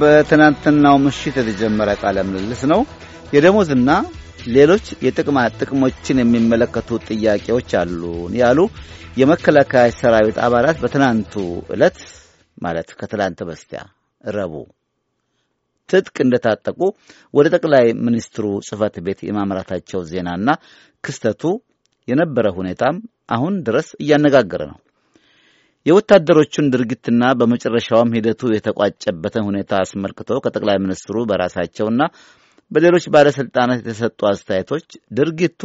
በትናንትናው ምሽት የተጀመረ ቃለ ምልልስ ነው። የደሞዝና ሌሎች የጥቅማ ጥቅሞችን የሚመለከቱ ጥያቄዎች አሉን ያሉ የመከላከያ ሰራዊት አባላት በትናንቱ ዕለት ማለት ከትላንት በስቲያ ረቡዕ ትጥቅ እንደታጠቁ ወደ ጠቅላይ ሚኒስትሩ ጽህፈት ቤት የማምራታቸው ዜናና ክስተቱ የነበረ ሁኔታም አሁን ድረስ እያነጋገረ ነው። የወታደሮቹን ድርጊትና በመጨረሻውም ሂደቱ የተቋጨበትን ሁኔታ አስመልክቶ ከጠቅላይ ሚኒስትሩ በራሳቸውና በሌሎች ባለሥልጣናት የተሰጡ አስተያየቶች ድርጊቱ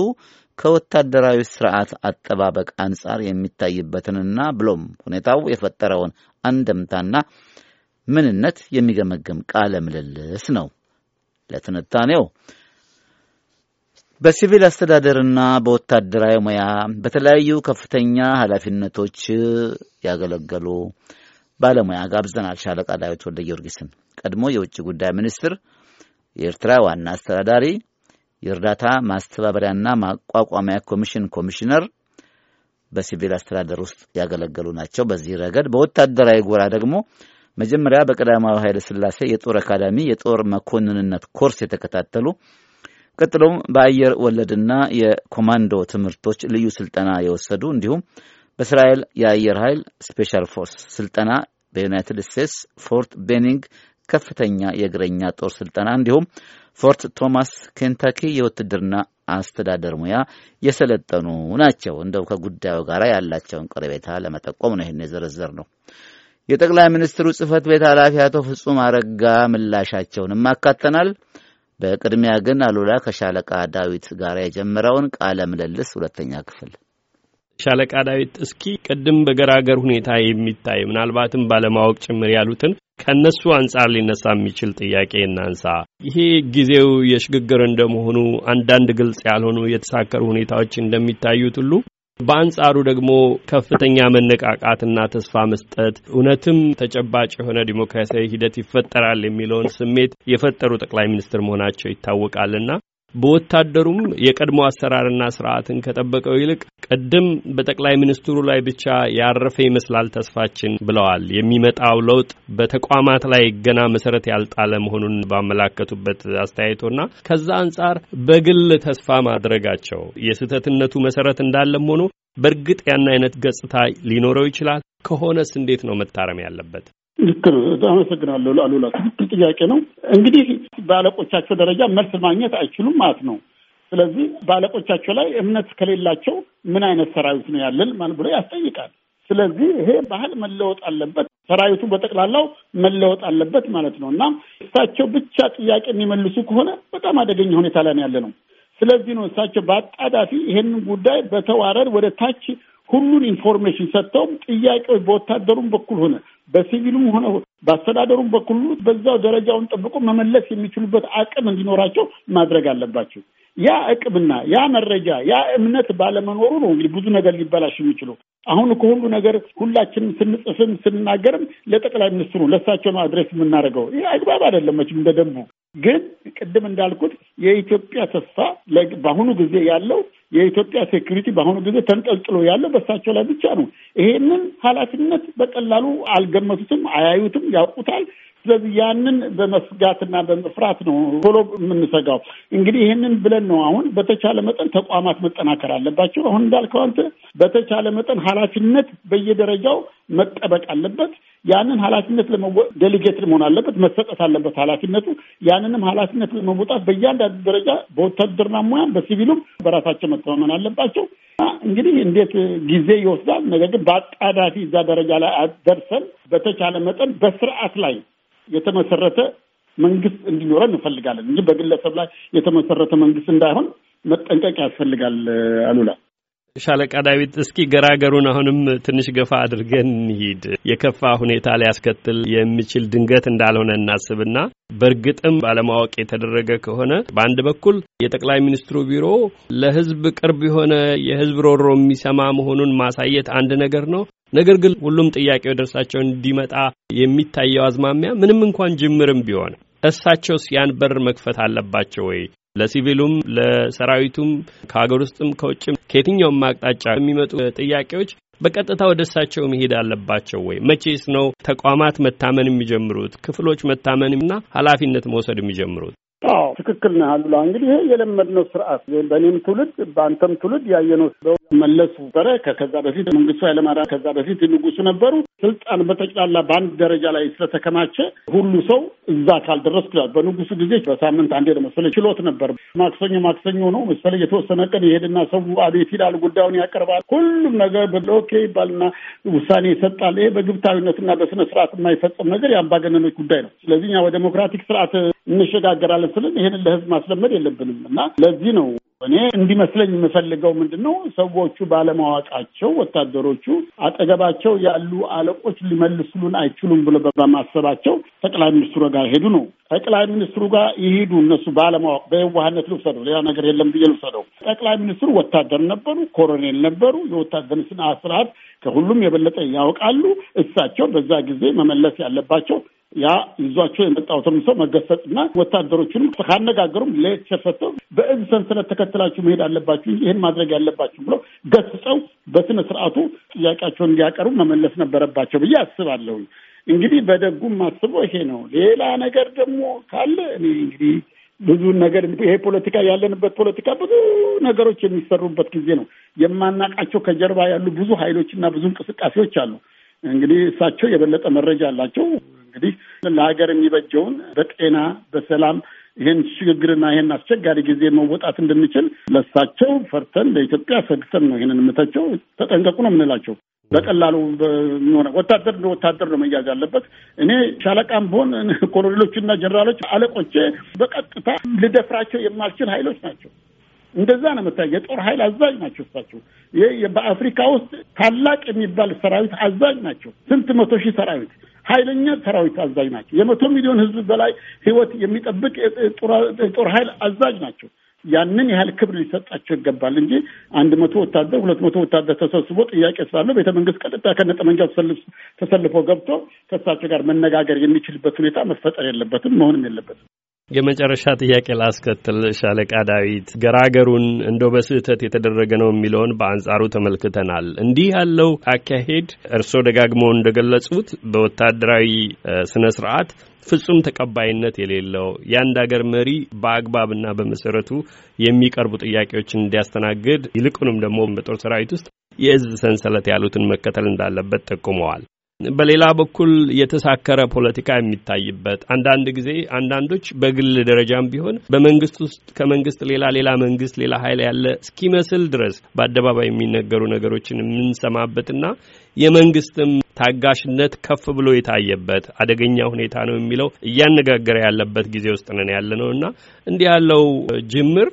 ከወታደራዊ ስርዓት አጠባበቅ አንጻር የሚታይበትንና ብሎም ሁኔታው የፈጠረውን አንደምታና ምንነት የሚገመግም ቃለ ምልልስ ነው። ለትንታኔው በሲቪል አስተዳደርና በወታደራዊ ሙያ በተለያዩ ከፍተኛ ኃላፊነቶች ያገለገሉ ባለሙያ ጋብዘናል። ሻለቃ ዳዊት ወልደ ጊዮርጊስን ቀድሞ የውጭ ጉዳይ ሚኒስትር፣ የኤርትራ ዋና አስተዳዳሪ፣ የእርዳታ ማስተባበሪያና ማቋቋሚያ ኮሚሽን ኮሚሽነር በሲቪል አስተዳደር ውስጥ ያገለገሉ ናቸው። በዚህ ረገድ በወታደራዊ ጎራ ደግሞ መጀመሪያ በቀዳማዊ ኃይለ ሥላሴ የጦር አካዳሚ የጦር መኮንንነት ኮርስ የተከታተሉ ቀጥሎም በአየር ወለድና የኮማንዶ ትምህርቶች ልዩ ስልጠና የወሰዱ እንዲሁም በእስራኤል የአየር ኃይል ስፔሻል ፎርስ ስልጠና በዩናይትድ ስቴትስ ፎርት ቤኒንግ ከፍተኛ የእግረኛ ጦር ስልጠና እንዲሁም ፎርት ቶማስ ኬንታኪ የውትድርና አስተዳደር ሙያ የሰለጠኑ ናቸው። እንደው ከጉዳዩ ጋር ያላቸውን ቅርቤታ ለመጠቆም ነው ይህን የዘረዘር ነው። የጠቅላይ ሚኒስትሩ ጽህፈት ቤት ኃላፊ አቶ ፍጹም አረጋ ምላሻቸውንም አካተናል። በቅድሚያ ግን አሉላ ከሻለቃ ዳዊት ጋር የጀመረውን ቃለ ምልልስ ሁለተኛ ክፍል ሻለቃ ዳዊት እስኪ ቅድም በገራገር ሁኔታ የሚታይ ምናልባትም ባለማወቅ ጭምር ያሉትን ከእነሱ አንጻር ሊነሳ የሚችል ጥያቄ እናንሳ። ይሄ ጊዜው የሽግግር እንደመሆኑ አንዳንድ ግልጽ ያልሆኑ የተሳከሩ ሁኔታዎች እንደሚታዩት ሁሉ በአንጻሩ ደግሞ ከፍተኛ መነቃቃትና ተስፋ መስጠት እውነትም ተጨባጭ የሆነ ዲሞክራሲያዊ ሂደት ይፈጠራል የሚለውን ስሜት የፈጠሩ ጠቅላይ ሚኒስትር መሆናቸው ይታወቃልና በወታደሩም የቀድሞ አሰራርና ስርዓትን ከጠበቀው ይልቅ ቅድም በጠቅላይ ሚኒስትሩ ላይ ብቻ ያረፈ ይመስላል ተስፋችን ብለዋል። የሚመጣው ለውጥ በተቋማት ላይ ገና መሰረት ያልጣለ መሆኑን ባመላከቱበት አስተያየቶና ከዛ አንጻር በግል ተስፋ ማድረጋቸው የስህተትነቱ መሰረት እንዳለም ሆኖ በእርግጥ ያን አይነት ገጽታ ሊኖረው ይችላል። ከሆነስ እንዴት ነው መታረም ያለበት? ልክ ነው። አመሰግናለሁ አሉላ። ትክክል ጥያቄ ነው። እንግዲህ በአለቆቻቸው ደረጃ መልስ ማግኘት አይችሉም ማለት ነው። ስለዚህ በአለቆቻቸው ላይ እምነት ከሌላቸው ምን አይነት ሰራዊት ነው ያለን ማለት ብሎ ያስጠይቃል። ስለዚህ ይሄ ባህል መለወጥ አለበት፣ ሰራዊቱ በጠቅላላው መለወጥ አለበት ማለት ነው እና እሳቸው ብቻ ጥያቄ የሚመልሱ ከሆነ በጣም አደገኛ ሁኔታ ላይ ያለ ነው። ስለዚህ ነው እሳቸው በአጣዳፊ ይሄንን ጉዳይ በተዋረድ ወደ ታች ሁሉን ኢንፎርሜሽን ሰጥተውም ጥያቄዎች በወታደሩም በኩል ሆነ በሲቪሉም ሆነ በአስተዳደሩም በኩሉ በዛው ደረጃውን ጠብቆ መመለስ የሚችሉበት አቅም እንዲኖራቸው ማድረግ አለባቸው። ያ አቅምና ያ መረጃ ያ እምነት ባለመኖሩ ነው እንግዲህ ብዙ ነገር ሊበላሽ የሚችሉ። አሁን ከሁሉ ነገር ሁላችንም ስንጽፍም ስንናገርም ለጠቅላይ ሚኒስትሩ ለእሳቸው ነው አድሬስ የምናደርገው። ይህ አግባብ አይደለም መቼም እንደ ደንቡ። ግን ቅድም እንዳልኩት የኢትዮጵያ ተስፋ በአሁኑ ጊዜ ያለው የኢትዮጵያ ሴኩሪቲ በአሁኑ ጊዜ ተንጠልጥሎ ያለው በእሳቸው ላይ ብቻ ነው። ይሄንን ኃላፊነት በቀላሉ አልገመቱትም፣ አያዩትም፣ ያውቁታል። ስለዚህ ያንን በመስጋትና በመፍራት ነው ቶሎ የምንሰጋው። እንግዲህ ይህንን ብለን ነው አሁን በተቻለ መጠን ተቋማት መጠናከር አለባቸው። አሁን እንዳልከው አንተ በተቻለ መጠን ኃላፊነት በየደረጃው መጠበቅ አለበት። ያንን ኃላፊነት ለመወ- ዴሊጌትድ መሆን አለበት፣ መሰጠት አለበት ኃላፊነቱ። ያንንም ኃላፊነት ለመውጣት በእያንዳንዱ ደረጃ በወታደርና ሙያም በሲቪሉም በራሳቸው መተማመን አለባቸው። እንግዲህ እንዴት ጊዜ ይወስዳል። ነገር ግን በአጣዳፊ እዛ ደረጃ ላይ አደርሰን በተቻለ መጠን በስርዓት ላይ የተመሰረተ መንግስት እንዲኖረን እንፈልጋለን እንጂ በግለሰብ ላይ የተመሰረተ መንግስት እንዳይሆን መጠንቀቅ ያስፈልጋል። አሉላ ሻለቃ ዳዊት እስኪ ገራገሩን አሁንም ትንሽ ገፋ አድርገን እንሂድ። የከፋ ሁኔታ ሊያስከትል የሚችል ድንገት እንዳልሆነ እናስብና በእርግጥም ባለማወቅ የተደረገ ከሆነ በአንድ በኩል የጠቅላይ ሚኒስትሩ ቢሮ ለሕዝብ ቅርብ የሆነ የሕዝብ ሮሮ የሚሰማ መሆኑን ማሳየት አንድ ነገር ነው። ነገር ግን ሁሉም ጥያቄ ወደ እርሳቸው እንዲመጣ የሚታየው አዝማሚያ ምንም እንኳን ጅምርም ቢሆን እሳቸውስ ያን በር መክፈት አለባቸው ወይ? ለሲቪሉም ለሰራዊቱም ከሀገር ውስጥም ከውጭም ከየትኛውም አቅጣጫ የሚመጡ ጥያቄዎች በቀጥታ ወደ እሳቸው መሄድ አለባቸው ወይ? መቼስ ነው ተቋማት መታመን የሚጀምሩት? ክፍሎች መታመንና ኃላፊነት መውሰድ የሚጀምሩት? አዎ ትክክል ነህ አሉላ። እንግዲህ ይሄ የለመድነው ስርዓት በእኔም ትውልድ በአንተም ትውልድ ያየነው መለስ ነበረ። ከዛ በፊት መንግስቱ ኃይለማርያም፣ ከዛ በፊት ንጉሱ ነበሩ። ስልጣን በጠቅላላ በአንድ ደረጃ ላይ ስለተከማቸ ሁሉ ሰው እዛ ካልደረስ ይላል። በንጉሱ ጊዜ በሳምንት አንዴ ነው መሰለኝ ችሎት ነበር። ማክሰኞ ማክሰኞ ነው መሰለኝ። የተወሰነ ቀን ይሄድና ሰው አቤት ይላል፣ ጉዳዩን ያቀርባል። ሁሉም ነገር ኦኬ ይባልና ውሳኔ ይሰጣል። ይሄ በግብታዊነትና በስነ ስርዓት የማይፈጸም ነገር የአምባገነኖች ጉዳይ ነው። ስለዚህ ወደ ዴሞክራቲክ ስርዓት እንሸጋገራለን ስልን ይህንን ለህዝብ ማስለመድ የለብንም እና ለዚህ ነው እኔ እንዲመስለኝ የምፈልገው ምንድን ነው ሰዎቹ ባለማወቃቸው ወታደሮቹ አጠገባቸው ያሉ አለቆች ሊመልስሉን አይችሉም ብሎ በማሰባቸው ጠቅላይ ሚኒስትሩ ጋር ሄዱ ነው። ጠቅላይ ሚኒስትሩ ጋር ይሄዱ እነሱ ባለማወቅ በየዋህነት ልውሰደው፣ ሌላ ነገር የለም ብዬ ልውሰደው። ጠቅላይ ሚኒስትሩ ወታደር ነበሩ፣ ኮሎኔል ነበሩ። የወታደር ስነ ስርዓት ከሁሉም የበለጠ ያውቃሉ። እሳቸው በዛ ጊዜ መመለስ ያለባቸው ያ ይዟቸው የመጣው ተምሶ መገሰጽና ወታደሮቹንም ካነጋገሩም ለየት ሸፈተው በእዝ ሰንሰለት ተከትላችሁ መሄድ አለባችሁ እንጂ ይህን ማድረግ ያለባችሁ ብሎ ገስጸው በስነ ስርዓቱ ጥያቄያቸውን እንዲያቀርቡ መመለስ ነበረባቸው ብዬ አስባለሁ። እንግዲህ በደጉም አስበው ይሄ ነው። ሌላ ነገር ደግሞ ካለ እኔ እንግዲህ ብዙ ነገር ይሄ ፖለቲካ ያለንበት ፖለቲካ ብዙ ነገሮች የሚሰሩበት ጊዜ ነው። የማናቃቸው ከጀርባ ያሉ ብዙ ኃይሎች እና ብዙ እንቅስቃሴዎች አሉ። እንግዲህ እሳቸው የበለጠ መረጃ አላቸው። እንግዲህ ለሀገር የሚበጀውን በጤና በሰላም ይህን ሽግግርና ይህን አስቸጋሪ ጊዜ መወጣት እንድንችል ለሳቸው ፈርተን ለኢትዮጵያ ሰግተን ነው ይህንን የምተቸው። ተጠንቀቁ ነው የምንላቸው። በቀላሉ ሆነ ወታደር ወታደር ነው መያዝ ያለበት። እኔ ሻለቃም ብሆን ኮሎኔሎችና ጀኔራሎች አለቆቼ በቀጥታ ልደፍራቸው የማልችል ኃይሎች ናቸው። እንደዛ ነው የምታይ። የጦር ኃይል አዛዥ ናቸው እሳቸው። በአፍሪካ ውስጥ ታላቅ የሚባል ሰራዊት አዛዥ ናቸው። ስንት መቶ ሺህ ሰራዊት ኃይለኛ ሰራዊት አዛዥ ናቸው። የመቶ ሚሊዮን ህዝብ በላይ ህይወት የሚጠብቅ ጦር ኃይል አዛዥ ናቸው። ያንን ያህል ክብር ሊሰጣቸው ይገባል እንጂ አንድ መቶ ወታደር ሁለት መቶ ወታደር ተሰብስቦ ጥያቄ ስላለው ቤተ መንግስት ቀጥታ ከነጠመንጃው ተሰልፎ ገብቶ ከእሳቸው ጋር መነጋገር የሚችልበት ሁኔታ መፈጠር የለበትም፣ መሆንም የለበትም። የመጨረሻ ጥያቄ ላስከትል። ሻለቃ ዳዊት ገራገሩን እንደው በስህተት የተደረገ ነው የሚለውን በአንጻሩ ተመልክተናል። እንዲህ ያለው አካሄድ እርስዎ ደጋግሞ እንደገለጹት በወታደራዊ ስነ ስርዓት ፍጹም ተቀባይነት የሌለው የአንድ አገር መሪ በአግባብና በመሰረቱ የሚቀርቡ ጥያቄዎችን እንዲያስተናግድ ይልቁንም ደግሞ በጦር ሰራዊት ውስጥ የእዝ ሰንሰለት ያሉትን መከተል እንዳለበት ጠቁመዋል። በሌላ በኩል የተሳከረ ፖለቲካ የሚታይበት አንዳንድ ጊዜ አንዳንዶች በግል ደረጃም ቢሆን በመንግስት ውስጥ ከመንግስት ሌላ ሌላ መንግስት ሌላ ኃይል ያለ እስኪመስል ድረስ በአደባባይ የሚነገሩ ነገሮችን የምንሰማበትና የመንግስትም ታጋሽነት ከፍ ብሎ የታየበት አደገኛ ሁኔታ ነው የሚለው እያነጋገረ ያለበት ጊዜ ውስጥ ነን ያለ ነው እና እንዲህ ያለው ጅምር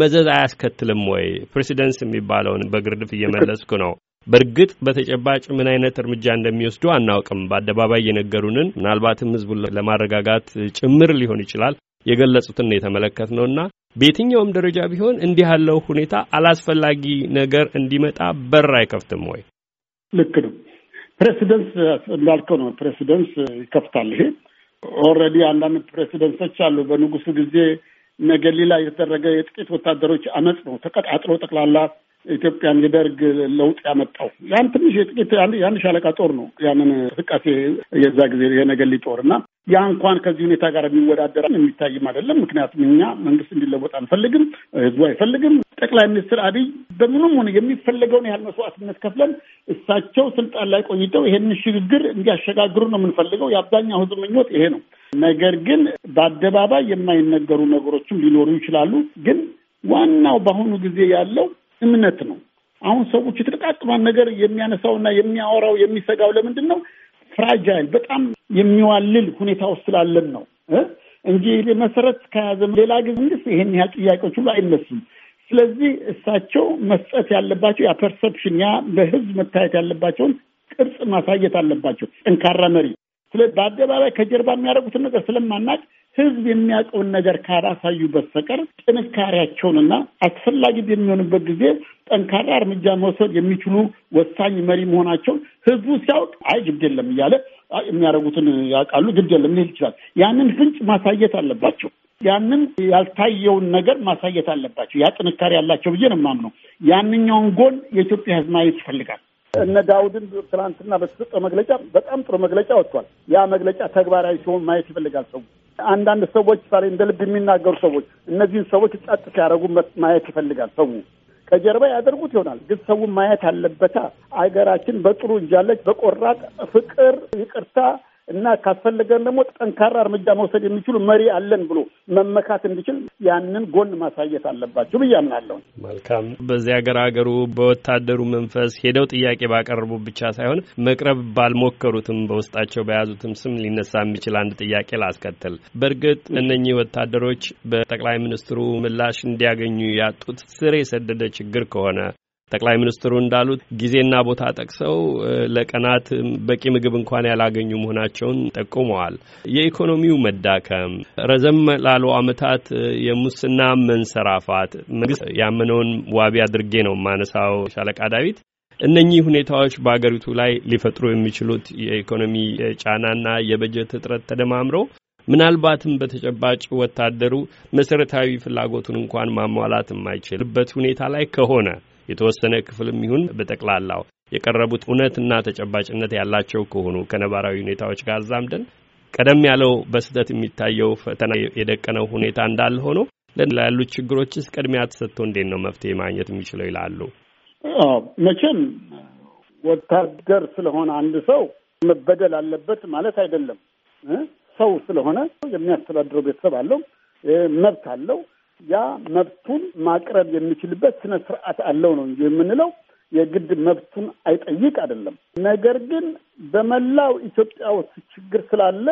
መዘዝ አያስከትልም ወይ? ፕሬሲደንስ የሚባለውን በግርድፍ እየመለስኩ ነው። በእርግጥ በተጨባጭ ምን አይነት እርምጃ እንደሚወስዱ አናውቅም። በአደባባይ የነገሩንን ምናልባትም ህዝቡን ለማረጋጋት ጭምር ሊሆን ይችላል የገለጹትን የተመለከት ነውና በየትኛውም ደረጃ ቢሆን እንዲህ ያለው ሁኔታ አላስፈላጊ ነገር እንዲመጣ በር አይከፍትም ወይ? ልክ ነው። ፕሬሲደንት እንዳልከው ነው። ፕሬሲደንት ይከፍታል። ይሄ ኦልሬዲ አንዳንድ ፕሬሲደንቶች አሉ። በንጉሱ ጊዜ ነገሊላ የተደረገ የጥቂት ወታደሮች አመፅ ነው ተቀጣጥሎ ጠቅላላ ኢትዮጵያን የደርግ ለውጥ ያመጣው ያን ትንሽ የጥቂት የአንድ ሻለቃ ጦር ነው ያንን እንቅስቃሴ የዛ ጊዜ የነገሊ ጦር እና ያ እንኳን ከዚህ ሁኔታ ጋር የሚወዳደር የሚታይም አይደለም። ምክንያቱም እኛ መንግስት እንዲለወጥ አንፈልግም፣ ህዝቡ አይፈልግም። ጠቅላይ ሚኒስትር አብይ በምንም ሆነ የሚፈለገውን ያህል መስዋዕትነት ከፍለን እሳቸው ስልጣን ላይ ቆይተው ይሄንን ሽግግር እንዲያሸጋግሩ ነው የምንፈልገው። የአብዛኛው ህዝብ ምኞት ይሄ ነው። ነገር ግን በአደባባይ የማይነገሩ ነገሮችም ሊኖሩ ይችላሉ። ግን ዋናው በአሁኑ ጊዜ ያለው እምነት ነው። አሁን ሰዎች የተጠቃቅሏን ነገር የሚያነሳውና የሚያወራው የሚሰጋው ለምንድን ነው? ፍራጃይል በጣም የሚዋልል ሁኔታ ውስጥ ስላለን ነው እንጂ መሰረት ከያዘ ሌላ ጊዜ ይሄን ያህል ጥያቄዎች ሁሉ አይነሱም። ስለዚህ እሳቸው መስጠት ያለባቸው ያ ፐርሰፕሽን ያ በህዝብ መታየት ያለባቸውን ቅርጽ ማሳየት አለባቸው። ጠንካራ መሪ ስለ በአደባባይ ከጀርባ የሚያደርጉትን ነገር ስለማናቅ ህዝብ የሚያውቀውን ነገር ካላሳዩ በስተቀር ጥንካሬያቸውንና አስፈላጊ በሚሆንበት ጊዜ ጠንካራ እርምጃ መውሰድ የሚችሉ ወሳኝ መሪ መሆናቸውን ህዝቡ ሲያውቅ አይ ግድ የለም እያለ የሚያደርጉትን ያውቃሉ፣ ግድ የለም ሊል ይችላል። ያንን ፍንጭ ማሳየት አለባቸው። ያንን ያልታየውን ነገር ማሳየት አለባቸው። ያ ጥንካሬ ያላቸው ብዬ ነው የማምነው። ያንኛውን ጎን የኢትዮጵያ ህዝብ ማየት ይፈልጋል። እነ ዳውድን ትናንትና በተሰጠው መግለጫ በጣም ጥሩ መግለጫ ወጥቷል። ያ መግለጫ ተግባራዊ ሲሆን ማየት ይፈልጋል ሰው አንዳንድ ሰዎች ዛሬ እንደ ልብ የሚናገሩ ሰዎች እነዚህን ሰዎች ጸጥ ሲያደርጉ ማየት ይፈልጋል ሰው። ከጀርባ ያደርጉት ይሆናል፣ ግን ሰው ማየት አለበታ። አገራችን በጥሩ እጃለች። በቆራጥ ፍቅር፣ ይቅርታ እና ካስፈለገን ደግሞ ጠንካራ እርምጃ መውሰድ የሚችሉ መሪ አለን ብሎ መመካት እንዲችል ያንን ጎን ማሳየት አለባቸው ብዬ አምናለሁ። መልካም። በዚህ ሀገር ሀገሩ በወታደሩ መንፈስ ሄደው ጥያቄ ባቀረቡ ብቻ ሳይሆን መቅረብ ባልሞከሩትም በውስጣቸው በያዙትም ስም ሊነሳ የሚችል አንድ ጥያቄ ላስከትል። በእርግጥ እነኚህ ወታደሮች በጠቅላይ ሚኒስትሩ ምላሽ እንዲያገኙ ያጡት ስር የሰደደ ችግር ከሆነ ጠቅላይ ሚኒስትሩ እንዳሉት ጊዜና ቦታ ጠቅሰው ለቀናት በቂ ምግብ እንኳን ያላገኙ መሆናቸውን ጠቁመዋል። የኢኮኖሚው መዳከም፣ ረዘም ላሉ ዓመታት የሙስና መንሰራፋት መንግስት ያመነውን ዋቢ አድርጌ ነው ማነሳው ሻለቃ ዳዊት እነኚህ ሁኔታዎች በአገሪቱ ላይ ሊፈጥሩ የሚችሉት የኢኮኖሚ ጫናና የበጀት እጥረት ተደማምሮ ምናልባትም በተጨባጭ ወታደሩ መሰረታዊ ፍላጎቱን እንኳን ማሟላት የማይችልበት ሁኔታ ላይ ከሆነ የተወሰነ ክፍልም ይሁን በጠቅላላው የቀረቡት እውነትና ተጨባጭነት ያላቸው ከሆኑ ከነባራዊ ሁኔታዎች ጋር አዛምደን ቀደም ያለው በስህተት የሚታየው ፈተና የደቀነው ሁኔታ እንዳለ ሆኖ ላሉት ችግሮችስ ቅድሚያ ተሰጥቶ እንዴት ነው መፍትሄ ማግኘት የሚችለው ይላሉ። መቼም ወታደር ስለሆነ አንድ ሰው መበደል አለበት ማለት አይደለም። ሰው ስለሆነ የሚያስተዳድረው ቤተሰብ አለው፣ መብት አለው። ያ መብቱን ማቅረብ የሚችልበት ስነ ስርዓት አለው ነው እንጂ የምንለው የግድ መብቱን አይጠይቅ አይደለም። ነገር ግን በመላው ኢትዮጵያ ውስጥ ችግር ስላለ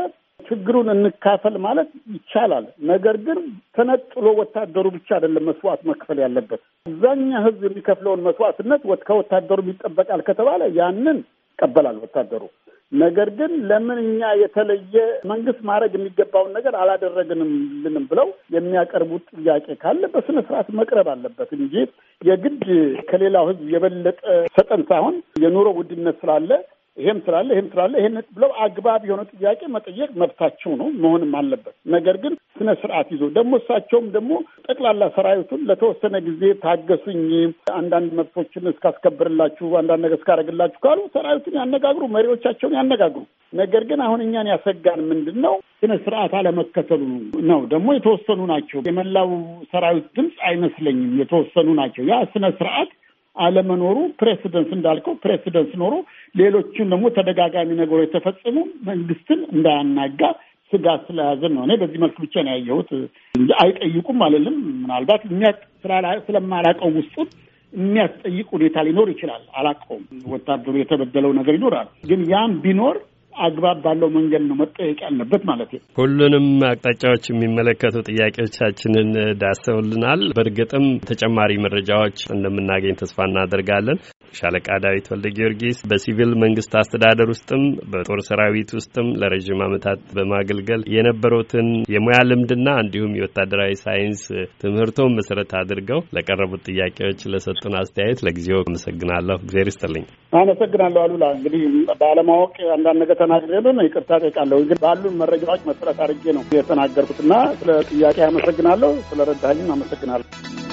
ችግሩን እንካፈል ማለት ይቻላል። ነገር ግን ተነጥሎ ወታደሩ ብቻ አይደለም መስዋዕት መክፈል ያለበት። አብዛኛ ህዝብ የሚከፍለውን መስዋዕትነት ከወታደሩ ይጠበቃል ከተባለ ያንን ይቀበላል ወታደሩ። ነገር ግን ለምን እኛ የተለየ መንግስት ማድረግ የሚገባውን ነገር አላደረግንም ልንም ብለው የሚያቀርቡት ጥያቄ ካለ በስነ ስርዓት መቅረብ አለበት እንጂ የግድ ከሌላው ህዝብ የበለጠ ሰጠን ሳይሆን የኑሮ ውድነት ስላለ ይሄም ስላለ ይሄም ስላለ ይሄን ብለው አግባብ የሆነ ጥያቄ መጠየቅ መብታቸው ነው፣ መሆንም አለበት። ነገር ግን ስነ ስርዓት ይዞ ደግሞ እሳቸውም ደግሞ ጠቅላላ ሰራዊቱን ለተወሰነ ጊዜ ታገሱኝ፣ አንዳንድ መብቶችን እስካስከብርላችሁ፣ አንዳንድ ነገር እስካደረግላችሁ ካሉ ሰራዊቱን ያነጋግሩ፣ መሪዎቻቸውን ያነጋግሩ። ነገር ግን አሁን እኛን ያሰጋን ምንድን ነው? ስነ ስርዓት አለመከተሉ ነው። ደግሞ የተወሰኑ ናቸው። የመላው ሰራዊት ድምፅ አይመስለኝም። የተወሰኑ ናቸው። ያ ስነ ስርዓት አለመኖሩ ፕሬሲደንስ እንዳልከው ፕሬሲደንስ ኖሮ ሌሎችን ደግሞ ተደጋጋሚ ነገሮች የተፈጸሙ መንግስትን እንዳያናጋ ስጋት ስለያዘ ነው። እኔ በዚህ መልክ ብቻ ነው ያየሁት እንጂ አይጠይቁም አለልም። ምናልባት ስለማላቀው ውስጡን የሚያስጠይቅ ሁኔታ ሊኖር ይችላል። አላቀውም። ወታደሩ የተበደለው ነገር ይኖራል። ግን ያም ቢኖር አግባብ ባለው መንገድ ነው መጠየቅ ያለበት ማለት ነው። ሁሉንም አቅጣጫዎች የሚመለከቱ ጥያቄዎቻችንን ዳሰውልናል። በእርግጥም ተጨማሪ መረጃዎች እንደምናገኝ ተስፋ እናደርጋለን። ሻለቃ ዳዊት ወልደ ጊዮርጊስ በሲቪል መንግስት አስተዳደር ውስጥም በጦር ሰራዊት ውስጥም ለረዥም ዓመታት በማገልገል የነበሩትን የሙያ ልምድና እንዲሁም የወታደራዊ ሳይንስ ትምህርቶን መሰረት አድርገው ለቀረቡት ጥያቄዎች ለሰጡን አስተያየት ለጊዜው አመሰግናለሁ። እግዜር ይስጥልኝ። አመሰግናለሁ አሉላ። እንግዲህ ባለማወቅ አንዳንድ ነገር ነው ይቅርታ ጠይቃለሁ። ግን ባሉን መረጃዎች መሰረት አድርጌ ነው የተናገርኩት የተናገርኩትና ስለ ጥያቄ አመሰግናለሁ። ስለ ረዳኝም አመሰግናለሁ።